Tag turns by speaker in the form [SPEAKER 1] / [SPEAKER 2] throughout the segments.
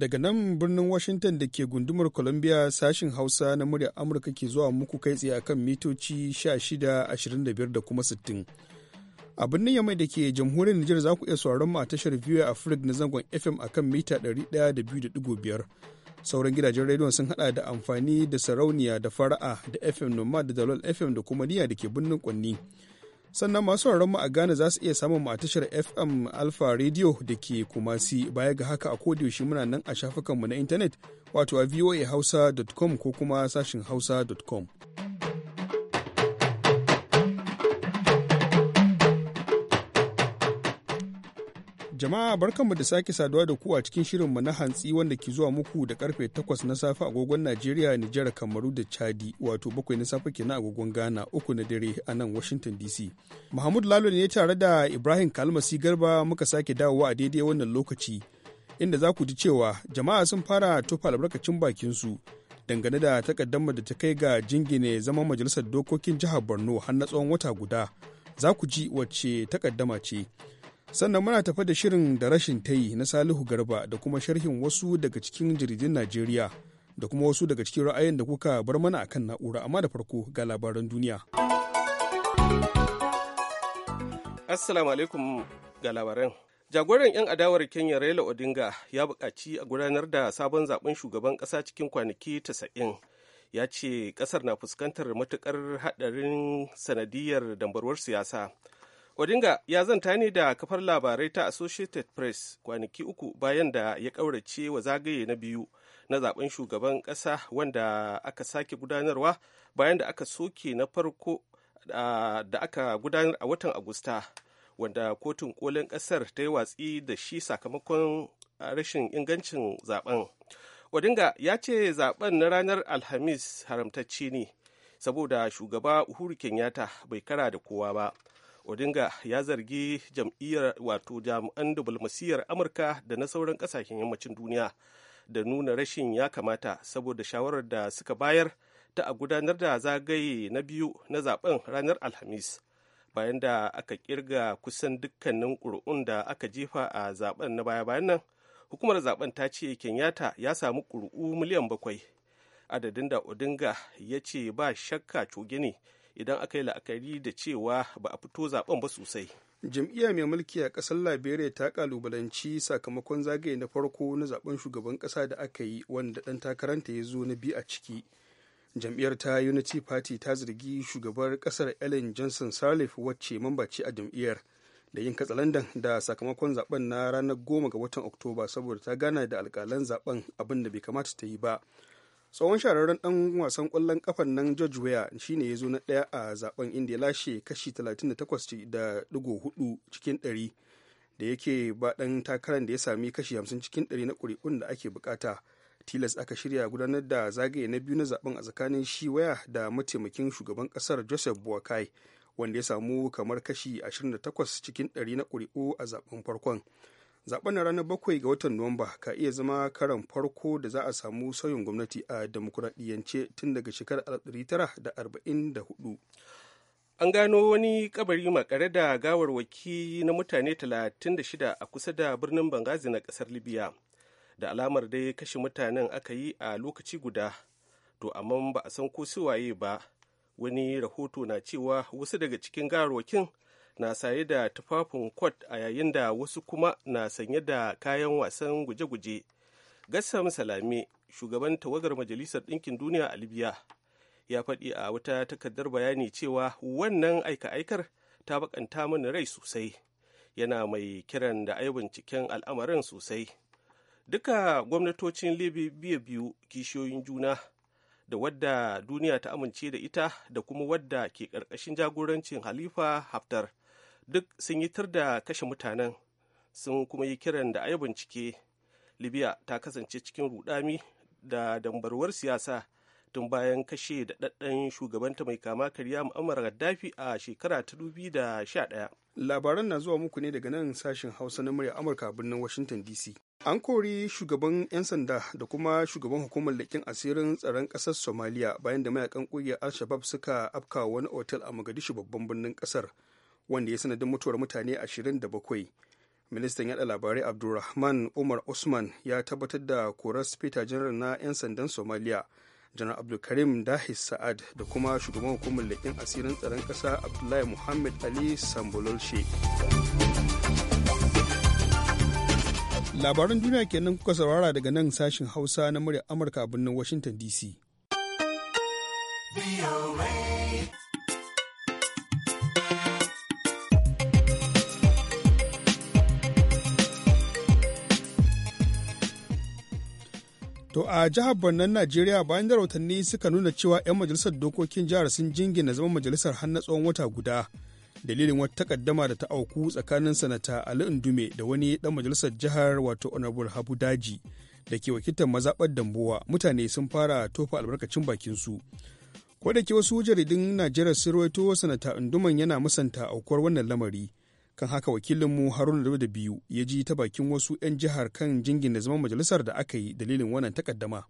[SPEAKER 1] Daga nan birnin Washington da ke gundumar Columbia sashin Hausa na muryar Amurka ke zuwa muku kai tsaye akan mitoci 1625 da kuma 60. a birnin yamai da ke jamhuriyar Nijar za ku iya sauraron mu a tashar VOA Africa na zangon FM akan mita 102.5 sauran gidajen rediyon sun hada da amfani da sarauniya da fara'a da FM Nomad da Dalol FM da kuma niya da ke birnin Kwanni sannan masu mu a Ghana za su iya samun mu a tashar FM Alpha Radio da ke Kumasi baya ga haka a kodiyoshi muna nan a shafukanmu na intanet wato a voa voahausa.com ko kuma sashin hausa.com. Jama'a barkanmu da sake saduwa da ku a cikin shirinmu na hantsi wanda ke zuwa muku da karfe 8 na safe agogon Najeriya, Nijar, Kamaru da Chadi, wato bakwai na safe kenan agogon Ghana, uku na dare a nan Washington DC. Mahmud Lalo ne tare da Ibrahim Kalmasi Garba muka sake dawowa a daidai wannan lokaci, inda za ku ji cewa jama'a sun fara tofa albarkacin bakin su dangane da takaddamar da ta kai ga jingine zaman majalisar dokokin jihar Borno har na tsawon wata guda. Za ku ji wacce takaddama ce. sannan muna tafa da shirin da rashin ta yi na salihu garba da kuma sharhin wasu daga cikin jaridun najeriya da kuma wasu daga cikin ra'ayin da kuka bar mana a kan na'ura amma da farko ga labaran duniya
[SPEAKER 2] assalamu alaikum ga labaran jagoran 'yan adawar kenya raila odinga ya buƙaci a gudanar da sabon zaben shugaban ƙasa cikin kwanaki 90 ya ce ƙasar na fuskantar matuƙar haɗarin sanadiyar dambarwar siyasa Odinga ya zanta ne da kafar labarai ta Associated Press kwanaki uku bayan da ya ƙaurace wa zagaye na biyu na zaben shugaban ƙasa wanda aka sake gudanarwa bayan da aka soke na farko da aka gudanar a watan Agusta wanda kotun kolin ƙasar ta yi watsi da shi sakamakon rashin ingancin zaben. Odinga ya ce zaben na ranar Alhamis haramtacce ne saboda shugaba Uhuru Kenyatta bai kara da kowa ba. odinga ya zargi jam'iyyar wato jami'an dubalmasiyar amurka da na sauran kasashen yammacin duniya da nuna rashin ya kamata saboda shawarar da suka bayar ta a gudanar da zagaye na biyu na zaben ranar alhamis bayan da aka kirga kusan dukkanin ƙuri'un da aka jefa a zaben na baya-bayan nan hukumar zaben ta ce kenyatta ya samu ƙuri'u miliyan bakwai adadin da odinga ya ce ba shakka coge ne idan aka yi la'akari da cewa ba a fito zaben ba sosai
[SPEAKER 1] jam'iyya mai mulki a ƙasar liberia ta kalubalanci sakamakon zagaye na farko na zaben shugaban ƙasa da aka yi wanda ɗan takaranta ya zo na biyu a ciki jam'iyyar ta unity party ta zargi shugabar ƙasar ellen johnson salif wacce mamba ce a jam'iyyar da yin katsalandan da sakamakon zaben na ranar goma ga watan oktoba saboda ta gana da alkalan zaben abin da bai kamata ta yi ba tsohon shahararren dan wasan kwallon kafan nan george weah shine ya zo na daya a zaben inda ya lashe kashi 38.4 cikin 100 da yake ba dan takarar da ya sami kashi 50 cikin 100 na kuri'un da ake bukata tilas aka shirya gudanar da zagaye na biyu na zaben a tsakanin shi waya da mataimakin shugaban kasar joseph buakai wanda ya samu kamar kashi 28 cikin 100 na kuri'u a zaben farkon zaben ranar bakwai ga watan nuwamba ka iya zama karan farko da za a samu sauyin gwamnati a demokuraɗiyyance tun daga shekarar 1944 an gano
[SPEAKER 2] wani kabari makare da gawarwaki na mutane 36 a kusa da birnin bangazi na kasar libya da alamar dai kashe mutanen aka yi a lokaci guda to amma ba a san ko suwaye ba wani rahoto na cewa wasu daga cikin gawarwakin na saye da tufafin kwat a yayin da wasu kuma na sanye da kayan wasan guje-guje gassam salame shugaban tawagar majalisar ɗinkin duniya a libya ya faɗi a wata takardar bayani cewa wannan aika-aikar ta bakanta mana rai sosai yana mai kiran da ai binciken al'amarin sosai duka gwamnatocin libya biyu kishiyoyin juna da wadda duniya ta amince da ita da kuma wadda ke ƙarƙashin jagorancin halifa haftar duk sun yi tur da kashe mutanen sun kuma yi kiran da ayi bincike libya ta kasance cikin rudami da dambarwar siyasa tun bayan kashe da daɗaɗɗen shugabanta mai kama karya mu'ammar gaddafi a shekara
[SPEAKER 1] ta da sha 2011 labaran na zuwa muku ne daga nan sashen hausa na murya amurka birnin washington dc an kori shugaban 'yan sanda da kuma shugaban hukumar lakin asirin tsaron ƙasar somaliya bayan da mayakan ƙungiyar al-shabab suka afka wani otal a mogadishu babban birnin ƙasar wanda ya sanadin mutuwar mutane 27 ministan yada labarai abdulrahman umar usman ya tabbatar da korar spita janar na 'yan sandan somaliya janar abdulkarim dahis sa'ad da kuma shugaban hukumar leƙin asirin tsaron ƙasa abdullahi muhammad ali sambololshe labaran duniya kenan kuka saurara daga nan sashen hausa na murya amurka a birnin washington dc To a jihar Bannan Najeriya bayan da rahotanni suka nuna cewa 'yan majalisar dokokin jihar sun jingina zama majalisar har na tsawon wata guda. Dalilin wata takaddama da ta auku tsakanin sanata Ali Indume da wani dan majalisar jihar wato Honorable Habu Daji da ke wakiltar mazaɓar dambuwa mutane sun fara tofa albarkacin bakin su. Ko da ke wasu jaridun Najeriya sun rawaito sanata Induman yana musanta aukuwar wannan lamari. kan haka wakilinmu haruna da biyu ya ji ta bakin wasu 'yan jihar kan jingin da zaman majalisar da aka yi dalilin wannan takaddama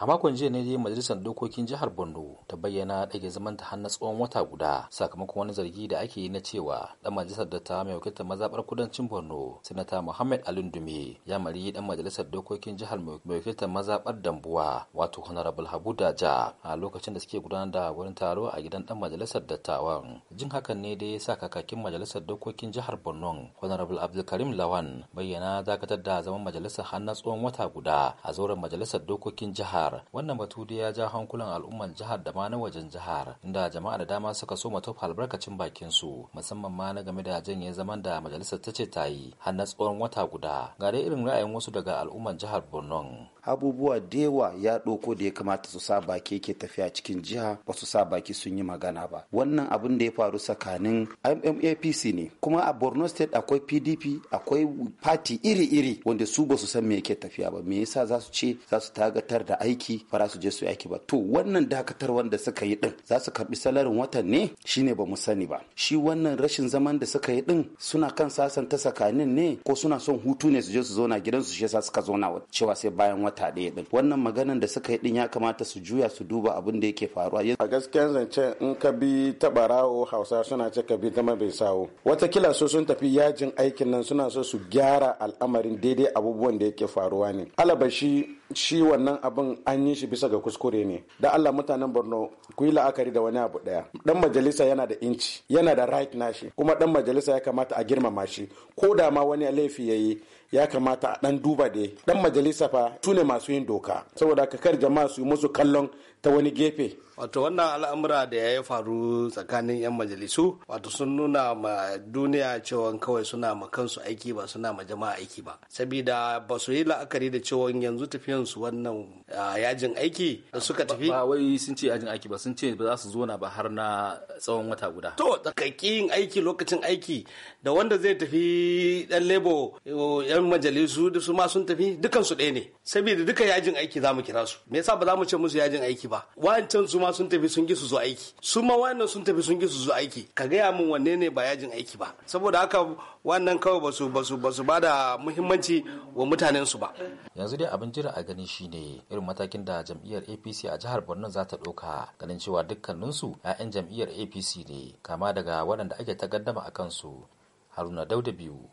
[SPEAKER 3] a makon jiya ne majalisar dokokin jihar borno ta bayyana ɗage zamanta har na tsawon wata guda sakamakon wani zargi da ake yi na cewa ɗan majalisar dattawa mai wakiltar mazaɓar kudancin borno sanata muhammad alin dume ya mari ɗan majalisar dokokin jihar mai wakiltar mazaɓar dambuwa wato honorable habu daja a lokacin da suke gudanar da wurin taro a gidan ɗan majalisar dattawan jin hakan ne dai sa kakakin majalisar dokokin jihar borno honorable abdulkarim lawan bayyana dakatar da zaman majalisar har na tsawon wata guda a zauren majalisar dokokin jihar jihar wannan batu dai ya ja hankulan al'ummar jihar da ma na wajen jihar inda jama'a da dama suka so ma tofa albarkacin bakin su musamman ma na game da janye zaman da majalisar ta ce ta yi har na tsawon wata guda ga dai irin ra'ayin wasu daga al'ummar jihar Borno
[SPEAKER 4] abubuwa da yawa ya da ya kamata su sa baki yake tafiya cikin jiha ba su sa baki sun yi magana ba wannan abin da ya faru tsakanin mmapc ne kuma a borno state akwai pdp akwai party iri-iri wanda su ba su san me yake tafiya ba me yasa za su ce za su tagatar da aiki fara su je su aiki ba to wannan dakatar wanda suka yi din za su karbi salarin watan ne shine ba mu sani ba shi wannan rashin zaman da suka yi din suna kan sasanta tsakanin ne ko suna son hutu ne su je su
[SPEAKER 5] zauna gidansu shi yasa suka zauna cewa sai bayan wata ɗaya din wannan maganan da suka yi din ya kamata su
[SPEAKER 6] juya su duba abin da yake faruwa a gaskiyar zance in ka bi ta barawo hausa suna ce ka bi zama bai sawo watakila so sun tafi yajin aikin nan suna so su gyara al'amarin daidai abubuwan da yake faruwa ne alabashi shi wannan abin an yi shi bisa ga kuskure ne da Allah mutanen Borno ku yi la'akari da wani abu daya dan majalisa yana da inci yana da right nashi kuma dan majalisa ya kamata a girmama shi ko da ma wani laifi yi ya kamata a dan duba da dan majalisa fa tune masu yin doka saboda ka kar jama'a su yi musu kallon ta wani gefe
[SPEAKER 2] wato wannan al'amura da ya faru tsakanin 'yan majalisu wato sun nuna ma duniya cewa kawai suna ma kansu aiki ba suna ma jama'a aiki ba
[SPEAKER 3] sabida ba su yi la'akari da cewa yanzu tafiyan su wannan yajin aiki da suka tafi ba wai sun ce yajin aiki ba sun ce ba za su zo na ba har na tsawon wata guda to tsakakkin aiki lokacin aiki da wanda zai tafi dan lebo eh, yan majalisu
[SPEAKER 2] da su ma sun tafi dukansu ɗaya ne saboda duka yajin aiki za mu kira su me yasa ba za mu ce musu yajin aiki ba wa'ancan su ma sun tafi sun ki su aiki su ma wa'annan sun tafi sun ki su aiki ka gaya mun wanne ne ba yajin aiki ba saboda haka wannan kawai basu basu basu ba da muhimmanci
[SPEAKER 3] wa mutanen su ba yanzu dai abin jira a gani shine irin matakin da jam'iyyar APC a jihar Borno za ta ɗauka ganin cewa dukkaninsu 'ya'yan jam'iyyar APC ne kama daga waɗanda ake ta gaddama a kansu Haruna Dauda biyu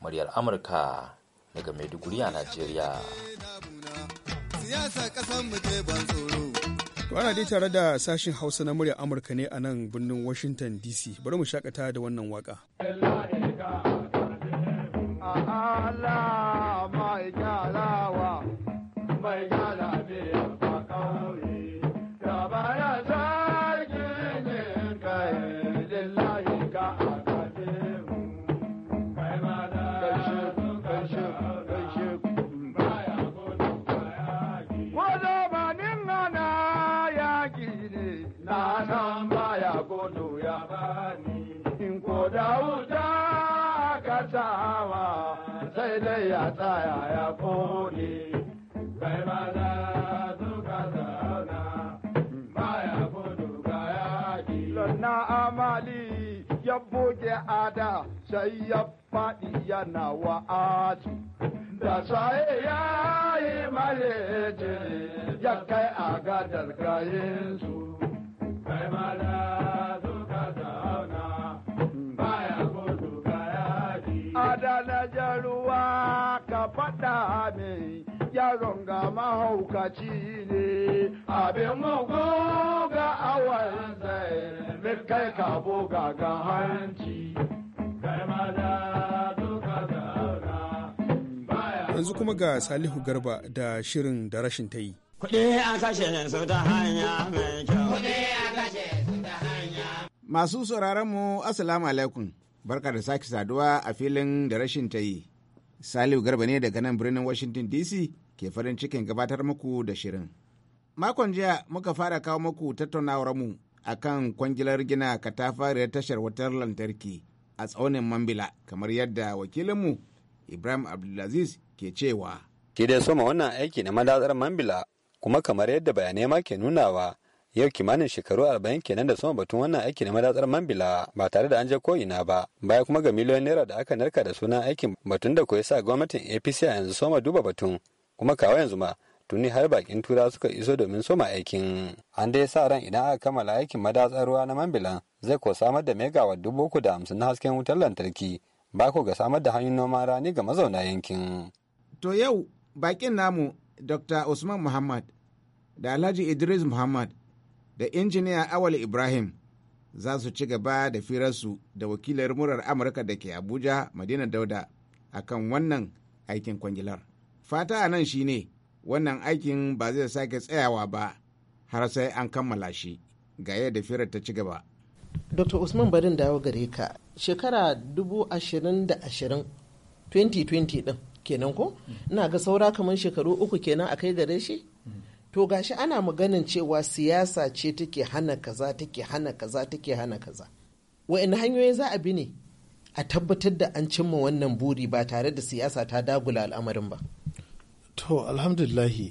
[SPEAKER 3] muryar Amurka daga Maiduguri a Najeriya.
[SPEAKER 4] Siyasa ƙasar mu ban tsoro.
[SPEAKER 1] ana dai tare da sashin Hausa na murya Amurka ne a nan birnin Washington DC. Bari mu shakata da wannan waka. Allah
[SPEAKER 6] ya tsaya ya kone kai maza
[SPEAKER 7] suka zauna
[SPEAKER 1] baya gudu ga yaƙi. Lonna amali ya buge ada sai ya faɗi yana wa'azu. Da saye ya yi malece
[SPEAKER 6] ya kai a gadar gayinsu. amin yaron ga mahaukaci ne abin mugu ga awon zai kai kabo ga ga hanci
[SPEAKER 1] yanzu kuma ga salihu garba da shirin da rashin ta yi
[SPEAKER 6] kuɗi a kashe su ta
[SPEAKER 5] hanya mai kyau kuɗi a kashe su ta hanya masu sauraron mu assalamu alaikum barka da sake saduwa a filin da rashin ta yi Salihu Garba ne daga nan birnin Washington DC ke farin cikin gabatar muku da shirin. Makon jiya muka fara kawo muku mu. a kan kwangilar gina katafariyar tashar wutar lantarki a tsaunin Mambila kamar yadda wakilinmu Ibrahim Abdulaziz ke cewa. Ki da soma wannan aiki na madatsar Mambila kuma kamar yadda bayanai ma ke
[SPEAKER 1] nunawa yau kimanin shekaru arba'in kenan da sama batun wannan aiki na madatsar mambila ba tare da an je ko'ina ba baya kuma ga miliyoyin naira da aka narka da sunan aikin batun da koyi sa gwamnatin apc a yanzu soma duba batun kuma kawo yanzu ma tuni har bakin tura suka iso domin soma aikin an dai sa ran idan aka kammala aikin madatsar ruwa na mambilan zai ko samar da megawatt dubu uku
[SPEAKER 5] da hamsin na hasken wutar lantarki ba ko ga samar da hanyoyin noma rani ga mazauna yankin. to yau bakin namu dr usman muhammad da alhaji idris muhammad da injiniya Awal Ibrahim za su ci gaba da firarsu da wakilar murar Amurka da ke Abuja Madina Dauda a kan wannan aikin kwangilar. Fata a nan shine wannan aikin ba zai sake tsayawa ba har sai an kammala shi ga yadda firar ta ci gaba.
[SPEAKER 8] Dr. Usman Barin dawo gare ka shekara 2020 2020 din kenan ko? Ina ga saura kamar shekaru uku kenan a kai gare shi? to gashi ana maganin cewa siyasa ce take hana kaza take hana kaza take hana kaza wa'in hanyoyi za a bi ne a tabbatar da an cimma wannan buri ba tare da siyasa ta dagula al'amarin ba
[SPEAKER 4] to alhamdulillahi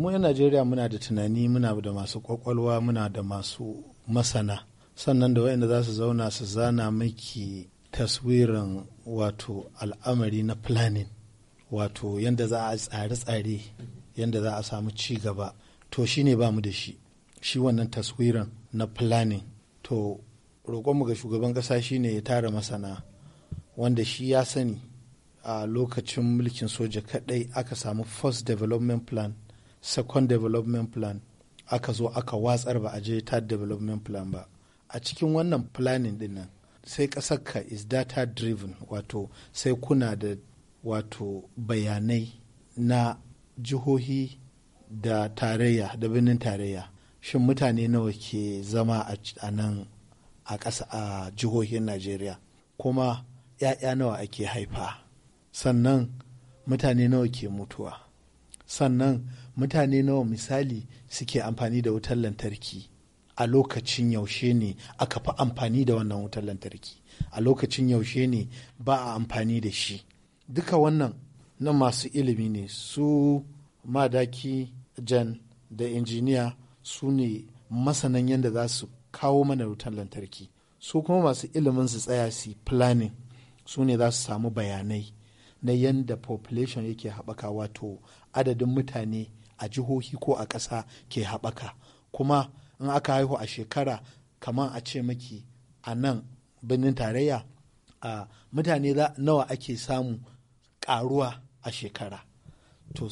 [SPEAKER 4] mu yan najeriya muna da tunani muna da masu kwakwalwa muna da masu masana sannan da wayanda za su zauna su zana miki taswirin wato al'amari na planning wato yadda za a tsare-tsare yadda za a samu ci gaba to shi ne bamu da shi shi wannan taswiran na planning to roƙonmu ga shugaban ƙasa shi ne ya tara masana wanda shi ya sani a lokacin mulkin soja kaɗai aka samu first development plan second development plan aka zo aka watsar ba a je third development plan ba a cikin wannan planning din nan sai ka is data driven wato sai kuna da wato bayanai na jihohi da tarayya da birnin tarayya shin mutane nawa ke zama a nan a ƙasa a jihohin najeriya kuma 'ya'ya nawa ake haifa sannan mutane nawa ke mutuwa sannan mutane nawa misali suke amfani da wutar lantarki a lokacin yaushe ne aka fi amfani da wannan wutar lantarki a lokacin yaushe ne ba a amfani da shi duka wannan na masu ilimi ne su madaki jan da injiniya su ne masanan yadda za su kawo mana wutan lantarki su kuma masu ilimin su tsaya su planning su ne za su samu bayanai na yadda population yake haɓaka wato adadin mutane a jihohi ko a ƙasa ke haɓaka kuma in aka haihu a shekara kamar a ce maki a nan birnin tarayya a mutane nawa ake samu ƙaruwa a shekara to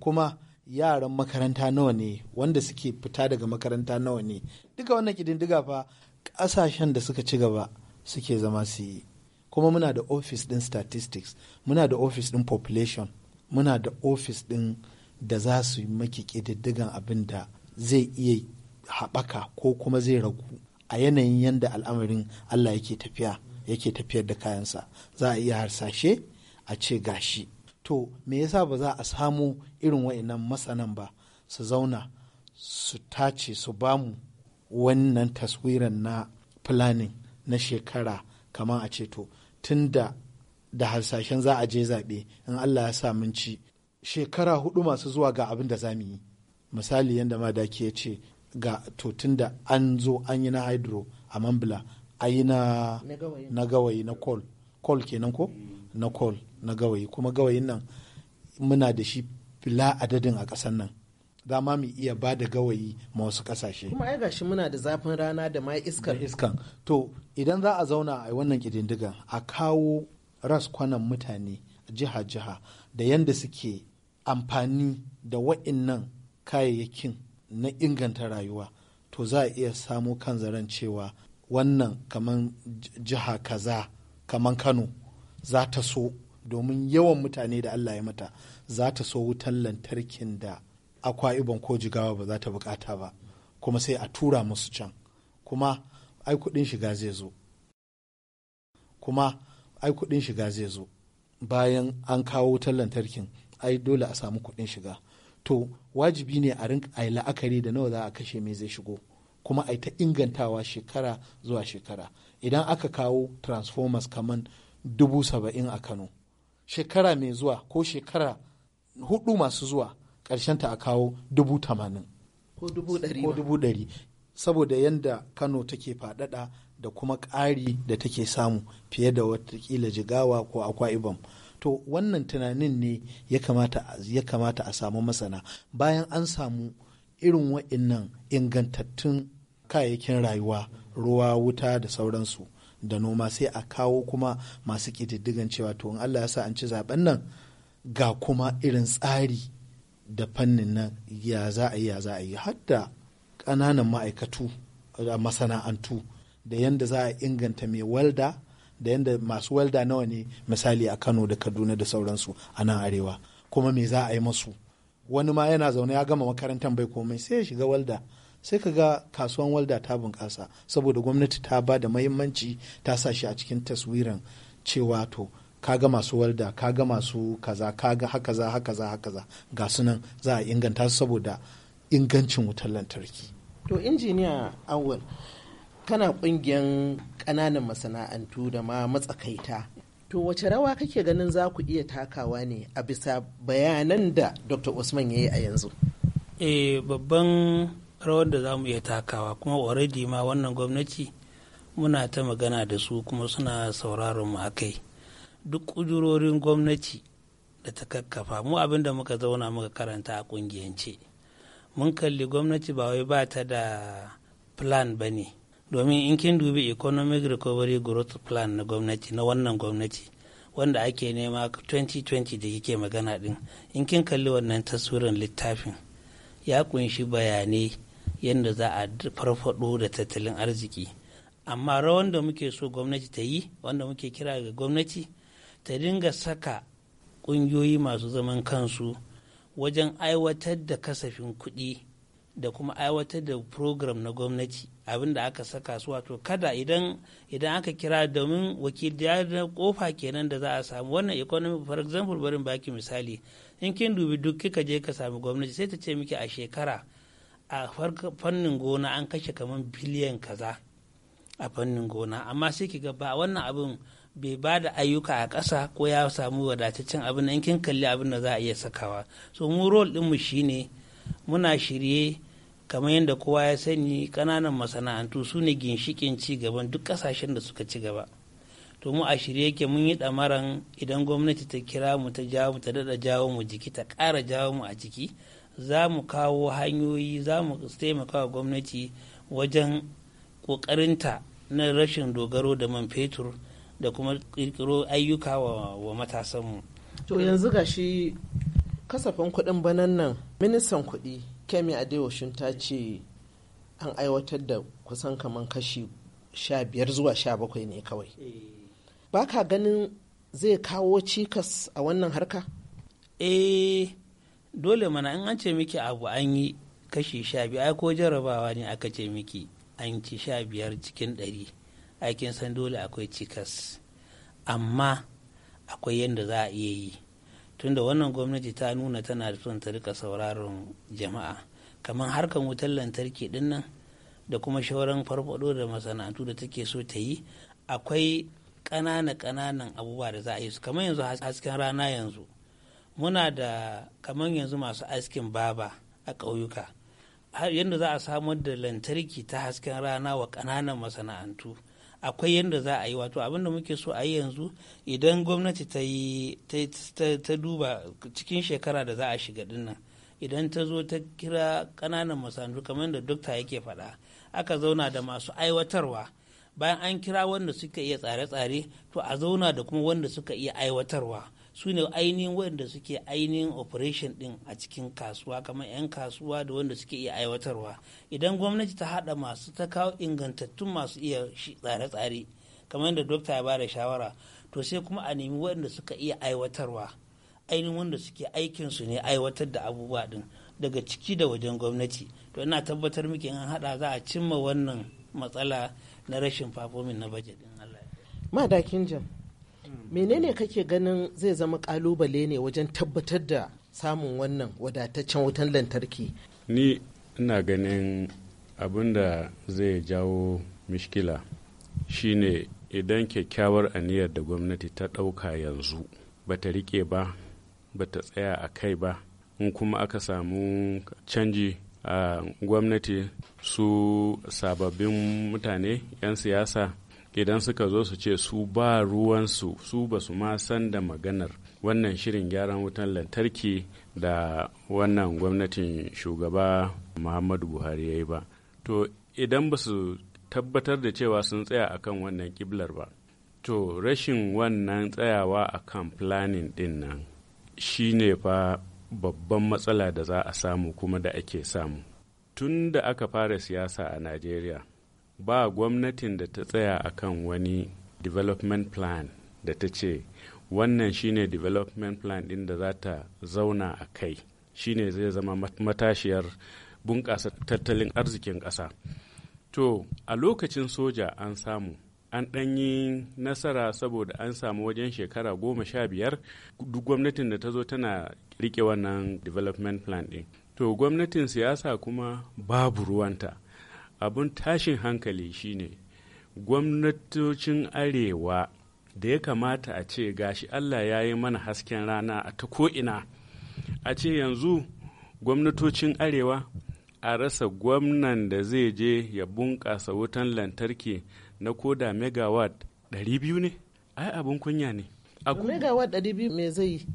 [SPEAKER 4] kuma yaran makaranta nawa ne wanda suke fita daga makaranta nawa ne duka wannan kididdiga fa ƙasashen da suka ci gaba suke zama su yi kuma muna da ofis ɗin statistics muna da ofis ɗin population muna da ofis ɗin da za su yi maki ƙididdigan abin da zai iya haɓaka ko kuma zai ragu a yanayin yadda al'amarin Allah yake tafiya yake tafiyar da kayansa za a iya harsashe a ce gashi to me yasa ba za a samu irin wa'annan masanan ba su zauna su tace su bamu wannan taswiran na planning na shekara kamar a ce to tun da da harsashen za a je zaɓe in Allah ya sa mun ci shekara hudu masu zuwa ga abin da za mu yi misali yadda madaki ya ce ga to tun da an zo an yi na hydro a mambila a yi na gawayi na coal. kenan ko mm. na na gawayi kuma gawayin nan muna da shi fila adadin a ƙasar nan za ma mu iya ba da gawayi ma wasu ƙasashe kuma ai gashi muna da zafin rana da ma iskar iskan to idan za a zauna a wannan ƙididdigan a kawo raskwanan mutane jiha-jiha da yanda suke amfani da wa'innan kayayyakin na inganta rayuwa to za a iya samo kan zaren cewa wannan kaman jiha kaza kaman kano za ta so domin yawan mutane da Allah ya mata za ta so wutar lantarkin da akwa ibon ko jigawa ba za ta bukata ba kuma sai a tura musu can kuma ai kudin shiga zai zo kuma ai kudin shiga zai zo bayan an kawo wutar lantarkin ai dole a samu kudin shiga to wajibi ne a rinka ai la'akari da nawa za a kashe mai zai shigo kuma ai ta ingantawa shekara zuwa shekara idan aka kawo transformers kaman dubu saba'in a kano shekara mai zuwa ko shekara hudu masu zuwa karshen ta a kawo dubu tamanin
[SPEAKER 8] ko dubu
[SPEAKER 4] dari saboda yadda kano take faɗaɗa da kuma ƙari da take samu fiye da watakila jigawa ko akwa ibom to wannan tunanin ne ya kamata a samu masana bayan an samu irin wa'innan ingantattun kayayyakin rayuwa ruwa wuta da sauransu da noma sai a kawo kuma masu ƙididdigan cewa to in Allah ya sa an ci zaben nan ga kuma irin tsari da fannin nan ya za a yi ya za a yi hadda ƙananan ma'aikatu masana'antu da yanda za a inganta mai walda da yanda masu walda nawa ne misali a kano da kaduna da sauransu a nan arewa kuma me za a yi masu wani ma yana zaune ya gama makarantar bai komai sai ya shiga walda sai ka ga kasuwan walda ta bunƙasa saboda gwamnati ta ba da mahimmanci ta sa shi a cikin taswiran cewa to kaga masu walda kaga masu kaza kaga haka za haka za haka za ga sunan za a inganta su saboda ingancin wutar lantarki
[SPEAKER 8] to injiniya awal kana kungiyan ƙananan masana'antu da ma matsakaita to wace rawa kake ganin za ku iya takawa ne a bisa bayanan da dr usman ya yi a yanzu
[SPEAKER 7] eh babban rawar da za mu iya takawa kuma already ma wannan gwamnati muna ta magana da su kuma suna sauraron mu akai duk ƙudurorin gwamnati da ta kakkafa mu abin da muka zauna muka karanta a kungiyance mun kalli gwamnati ba wai ba ta da plan ba ne domin in kin dubi economic recovery growth plan na gwamnati na wannan gwamnati wanda ake nema 2020 da kike magana din in kin kalli wannan taswirin littafin ya kunshi bayanai yadda za a farfado da tattalin arziki amma rawan da muke so gwamnati ta yi wanda muke kira ga gwamnati ta dinga saka ƙungiyoyi masu zaman kansu wajen aiwatar da kasafin kuɗi da kuma aiwatar da program na gwamnati abin da aka saka su wato kada idan idan aka kira domin da na kofa kenan da za a samu wannan economy for example barin baki misali in kin dubi duk kika je ka samu gwamnati sai ta ce miki a shekara a fannin gona an kashe kamar biliyan kaza a fannin gona amma sai ki ga ba wannan abin bai ba da ayyuka a ƙasa ko ya samu wadataccen abin in kin kalli abin da za a iya sakawa so mu rol ɗinmu shine muna shirye kamar yadda kowa ya sani ƙananan masana'antu su ne ginshikin ci gaban duk ƙasashen da suka ci gaba to mu a shirye yake mun yi ɗamaran idan gwamnati ta kira mu ta jawo mu ta daɗa jawo mu jiki ta ƙara jawo mu a jiki za mu kawo hanyoyi za mu taimaka wa gwamnati wajen ƙoƙarinta na rashin dogaro da man fetur da kuma ƙirƙiro ayyuka wa matasanmu. to yanzu ga shi
[SPEAKER 8] kasafin kuɗin banan nan ministan kuɗi kemi adewashin ta ce an aiwatar da kusan kamar kashi sha biyar zuwa sha bakwai ne kawai eh. ba ka ganin zai kawo cikas a wannan harka?
[SPEAKER 7] eh dole mana in an ce miki abu an yi kashi sha biyu ai ko jarabawa ne aka ce miki an ci sha biyar cikin ɗari aikin san dole akwai cikas amma akwai yadda za a iya yi tunda wannan gwamnati ta nuna tana da son ta rika sauraron jama'a kamar harkar wutar lantarki din nan da kuma shauran farfado da masana'antu da take so ta yi akwai ƙanana ƙananan abubuwa da za a yi su kamar yanzu hasken rana yanzu muna da kamar yanzu masu askin baba a ƙauyuka yadda za a samar da lantarki ta hasken rana wa ƙananan masana'antu akwai yadda za a yi wato da muke so a yi yanzu idan gwamnati ta yi ta duba cikin shekara da za a shiga dinnan idan ta zo ta kira ƙananan masana'antu kamar da dokta yake faɗa aka zauna da masu aiwatarwa bayan an kira wanda suka iya tsare-tsare to a zauna da kuma wanda suka iya aiwatarwa su ne ainihin waɗanda suke ainihin operation ɗin a cikin kasuwa kamar 'yan kasuwa da wanda suke iya aiwatarwa idan gwamnati ta haɗa masu ta kawo ingantattun masu iya tsare-tsare kamar yadda dokta ya bada shawara to sai kuma a nemi wanda suka iya aiwatarwa ainihin wanda suke aikin su ne aiwatar da abubuwa din daga ciki da wajen gwamnati to ina tabbatar muke an haɗa za a cimma wannan matsala na rashin fafomin na bajet din Allah.
[SPEAKER 8] Madakin jam. menene kake ganin zai zama kalubale ne wajen tabbatar da samun wannan wadataccen wutan lantarki
[SPEAKER 9] ni ina ganin abin da zai jawo mishkila shine idan kyakkyawar aniyar da gwamnati ta ɗauka yanzu ba ta riƙe ba ba ta tsaya a kai ba in kuma aka samu canji a gwamnati su sababbin mutane 'yan siyasa idan suka zo su ce su ba ruwansu su ba su ma san da maganar wannan shirin gyaran wutan lantarki da wannan gwamnatin shugaba muhammadu buhari ya yi ba to idan ba su tabbatar da cewa sun tsaya a kan wannan kiblar ba to rashin wannan tsayawa akan planning din nan ne fa babban matsala da za a samu kuma da ake samu tun da aka fara siyasa a najeriya ba gwamnatin da ta tsaya akan wani development plan da ta ce wannan shine development plan din da za ta zauna a kai shine zai zama matashiyar bunƙasa tattalin arzikin ƙasa to a lokacin soja an samu an ɗan yi nasara saboda an samu wajen shekara goma sha biyar duk gwamnatin da ta zo tana riƙe wannan development plan ɗin to gwamnatin siyasa kuma babu ruwanta Abin tashin hankali shine gwamnatocin arewa da ya kamata a ce gashi allah ya yi mana hasken rana a ta ko'ina a ce yanzu gwamnatocin arewa a rasa gwamnan da zai je ya bunƙasa wutan lantarki na koda megawatt 200 ne ai abin kunya ne
[SPEAKER 8] megawatt 200 me zai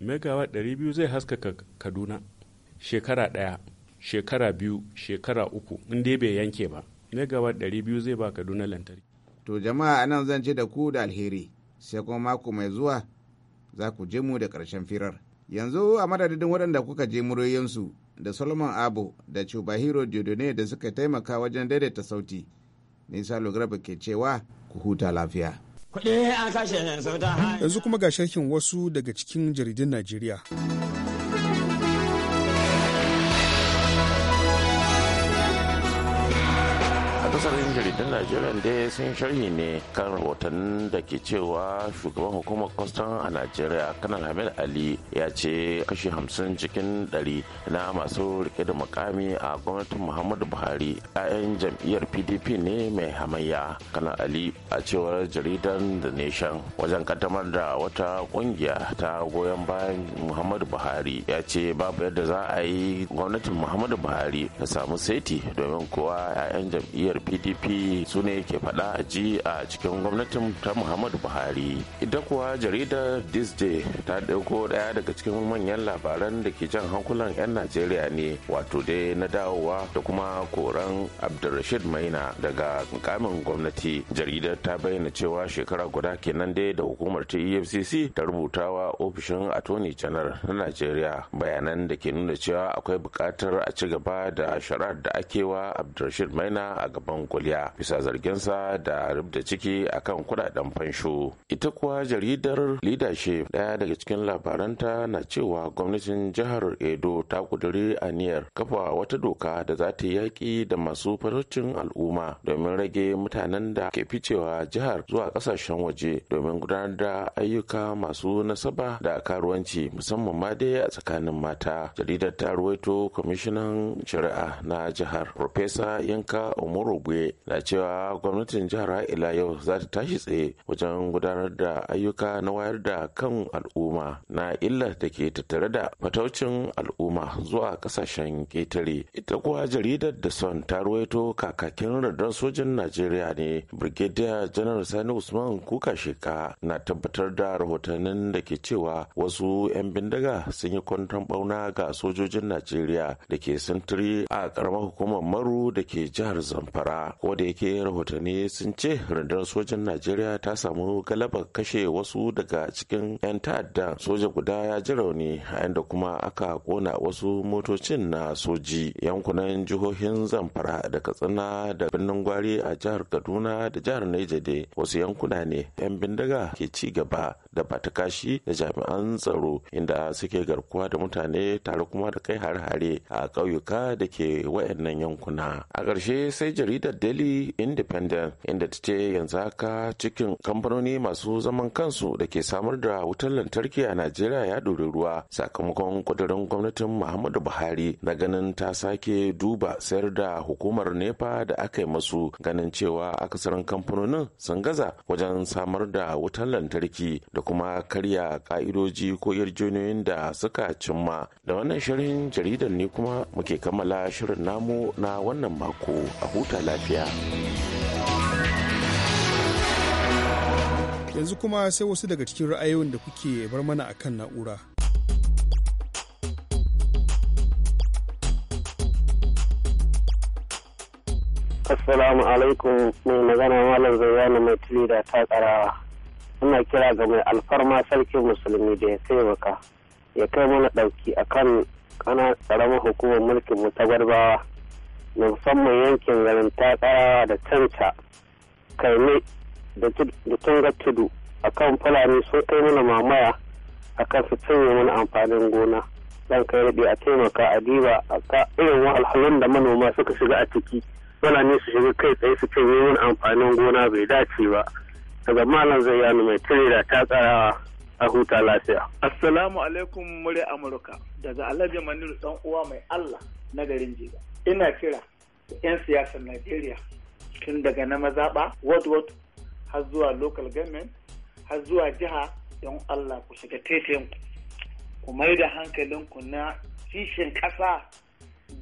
[SPEAKER 9] megawatt 200 zai haskaka kaduna shekara ɗaya shekara biyu shekara uku in dai bai yanke ba gaba ɗari biyu zai ba kaduna lantarki. to jama'a anan zan ce da
[SPEAKER 5] ku da alheri sai kuma mako mai zuwa za ku je mu da karshen firar yanzu a madadin waɗanda kuka je muryoyinsu da solomon abu da cubahiro diodone da suka taimaka wajen daidaita sauti nisa lograba ke cewa ku huta lafiya yanzu kuma ga
[SPEAKER 1] sharhin wasu daga cikin jaridun najeriya
[SPEAKER 6] jaridun najeriya da sun sharhi ne kan rahoton da ke cewa shugaban hukumar kwastan a najeriya kanan hamid ali ya ce kashi hamsin cikin ɗari na masu rike da mukami a gwamnatin muhammadu buhari 'ya'yan jam'iyyar pdp ne mai hamayya kanan ali a cewar jaridan the nation wajen kaddamar da wata kungiya ta goyon bayan muhammadu buhari ya ce babu yadda za a yi gwamnatin muhammadu buhari ta samu saiti domin kowa 'ya'yan jam'iyyar pdp fi su ne ke faɗa a ji a cikin gwamnatin ta muhammadu buhari ita kuwa jaridar disney ta ɗauko ɗaya daga cikin manyan labaran da ke jan hankulan 'yan najeriya ne wato dai na dawowa da kuma koran abdulrashid maina daga kamin gwamnati jaridar ta bayyana cewa shekara guda kenan dai da hukumar ta efcc ta rubuta wa ofishin attorney general na najeriya bayanan da ke nuna cewa akwai buƙatar a ci gaba da shari'ar da ake wa abdulrashid maina a gaban kuliya najeriya bisa zarginsa da rubda ciki akan kudaden fansho ita kuwa jaridar leadership daya daga cikin labaranta na cewa gwamnatin jihar edo ta kuduri aniyar kafa wata doka da za ta yaƙi da masu farocin al'umma domin rage mutanen da ke ficewa jihar zuwa ƙasashen waje domin gudanar da ayyuka masu nasaba da karuwanci musamman ma dai a tsakanin mata jaridar ta ruwaito kwamishinan shari'a na jihar Profesa yanka omorogwe na cewa gwamnatin jihar ila yau za ta tashi tsaye wajen gudanar da ayyuka na wayar da kan al'umma na illar da ke tattare da fataucin al'umma zuwa kasashen ƙetare. Ita kuwa jaridar da son ta ruwaito kakakin radar sojin Najeriya ne Brigadier Janar Sani Usman Kuka Sheka na tabbatar da rahotannin da ke cewa wasu 'yan bindiga sun yi kwanton bauna ga sojojin Najeriya da ke sintiri a ƙaramar hukumar Maru da ke jihar Zamfara. ko yake rahotanni sun ce rundunar sojan najeriya ta samu galabar kashe wasu daga cikin 'yan ta'adda soja guda ya ji rauni a inda kuma aka kona wasu motocin na soji yankunan jihohin zamfara da katsina da birnin gwari a jihar kaduna da jihar dai wasu yankuna ne 'yan bindiga ke ci gaba da batakashi da jami'an tsaro inda suke garkuwa da mutane tare kuma da kai har hare a ƙauyuka da ke wayannan yankuna a ƙarshe sai jaridar daily daily independent inda ta ce yanzu haka cikin kamfanoni masu zaman kansu da ke samar da wutar lantarki a najeriya ya dori ruwa sakamakon kudurin gwamnatin muhammadu buhari na ganin ta sake duba sayar da hukumar nepa da aka yi masu ganin cewa akasarin kamfanonin sun gaza wajen samar da wutar lantarki da kuma karya ka'idoji ko yarjejeniyoyin da suka cimma da wannan shirin jaridar ne kuma muke kammala shirin namu na wannan mako a huta lafiya.
[SPEAKER 1] yanzu kuma sai wasu daga cikin ra'ayoyin da kuke bar mana a kan na'ura
[SPEAKER 7] Assalamu alaikum mai magana Malam Zayyana mai tuli da ta tsarawa. Ina kira ga mai alfarma sarkin musulmi da ya taimaka ya kai mana ɗauki akan kan ƙaramar hukumar mulkin mu ta gwarbawa musamman yankin garin tsarawa da canca, karni da tunga tudu a kan fulani sun kai mana mamaya a kan su cinye mana amfanin gona dan kai rabi a taimaka a diba a ka irin wahalhalun da manoma suka shiga a ciki fulani su shiga kai tsaye su cinye mana amfanin gona bai dace ba daga malam zai yanu mai da ta tsarawa a huta lafiya.
[SPEAKER 4] Assalamu alaikum murya Amurka daga Alhaji Maniru dan uwa mai Allah na garin Jiga. ina kira 'yan siyasar najeriya tun daga na mazaɓa ward har zuwa local government har zuwa jiha don allah ku shiga tetin ku mai da hankalinku na kishin ƙasa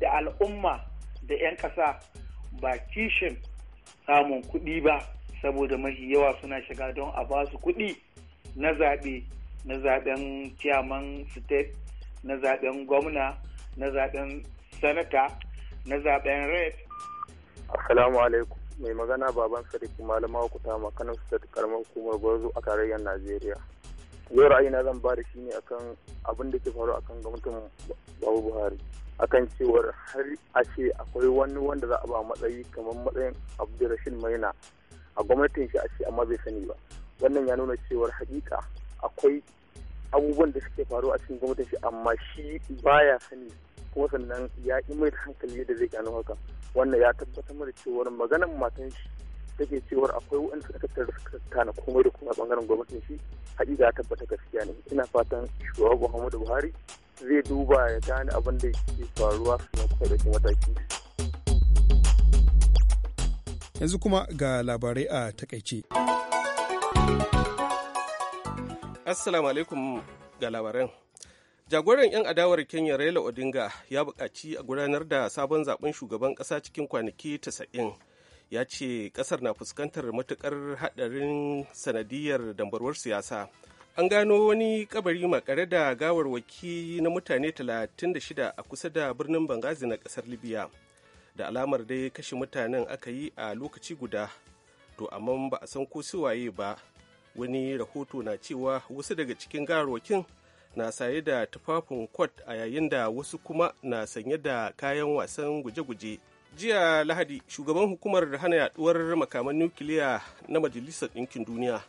[SPEAKER 4] da al'umma da 'yan ƙasa ba kishin samun kuɗi ba saboda mafi yawa suna shiga don a ba su kuɗi na zaɓe na zaɓen chairman state na zaɓen gwamna na zaɓen sanata na zaben red assalamu alaikum mai magana baban sadiki malama kuta makanan su da karamar hukumar gwarzo a tarayyar najeriya yau na zan ba da shi ne akan abin da ke faru akan gwamnatin babu buhari akan cewar har a ce akwai wani wanda za a ba matsayi kamar matsayin Abdurrahim maina a gwamnatin shi a ce amma bai sani ba wannan ya nuna cewar hakika akwai abubuwan da suke faru a cikin gwamnatin shi amma shi baya sani kuma sannan ya yi mai hankali da zai gano haka wannan ya tabbatar mana cewar maganan matan shi take cewar akwai wani sakatar tattara suka tana komai da kuma bangaren gwamnatin shi haɗi ya tabbatar gaskiya ne ina fatan shugaban muhammadu buhari zai duba ya gane abin da ke faruwa sannan kuma da mataki
[SPEAKER 1] yanzu kuma ga labarai a takaice
[SPEAKER 2] assalamu alaikum ga labaran jagoran 'yan adawar kenya raila odinga ya buƙaci a gudanar da sabon zaben shugaban ƙasa cikin kwanaki 90 ya ce ƙasar na fuskantar matuƙar haɗarin sanadiyar dambarwar siyasa an gano wani kabari makare da gawar waki na mutane 36 a kusa da birnin bangazi na ƙasar libya da alamar dai kashe mutanen aka yi a lokaci guda to amma ba a san ko suwaye ba wani rahoto na cewa wasu daga cikin gawarwakin na saye da tufafin kwat a yayin da wasu kuma na sanye da kayan wasan guje-guje jiya lahadi shugaban hukumar hana yaduwar makaman nukiliya na majalisar ɗinkin duniya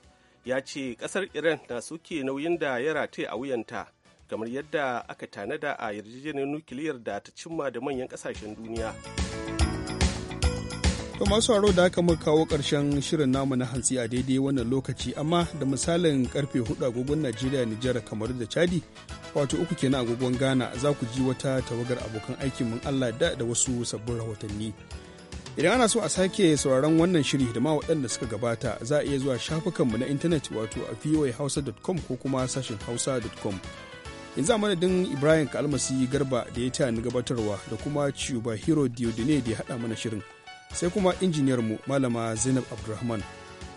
[SPEAKER 2] ya ce ƙasar iran na soke nauyin da ya rataye a wuyanta kamar yadda aka tanada a yarjejeniyar nukiliyar da ta cimma da manyan ƙasashen duniya.
[SPEAKER 1] To masu haro da aka muka kawo ƙarshen shirin namu na hantsi a daidai wannan lokaci amma da misalin karfe hudu agogon Najeriya Nijar kamar da Chadi wato uku kenan agogon Ghana za ku ji wata tawagar abokan aikin mun Allah da da wasu sabbin rahotanni. Idan ana so a sake sauraron wannan shiri da ma waɗanda suka gabata za a iya zuwa shafukanmu na intanet wato a voahausa.com ko kuma sashin hausa.com. yanzu a madadin ibrahim kalmasi garba da ya ta ni gabatarwa da kuma chuba hero diodine da ya haɗa mana shirin sai kuma injiniyarmu malama zainab abdulrahman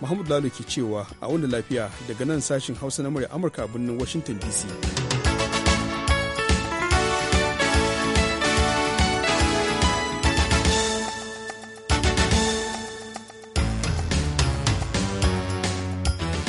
[SPEAKER 1] muhammadu lalu ke cewa a wanda lafiya daga nan sashin hausa na murya amurka birnin washington dc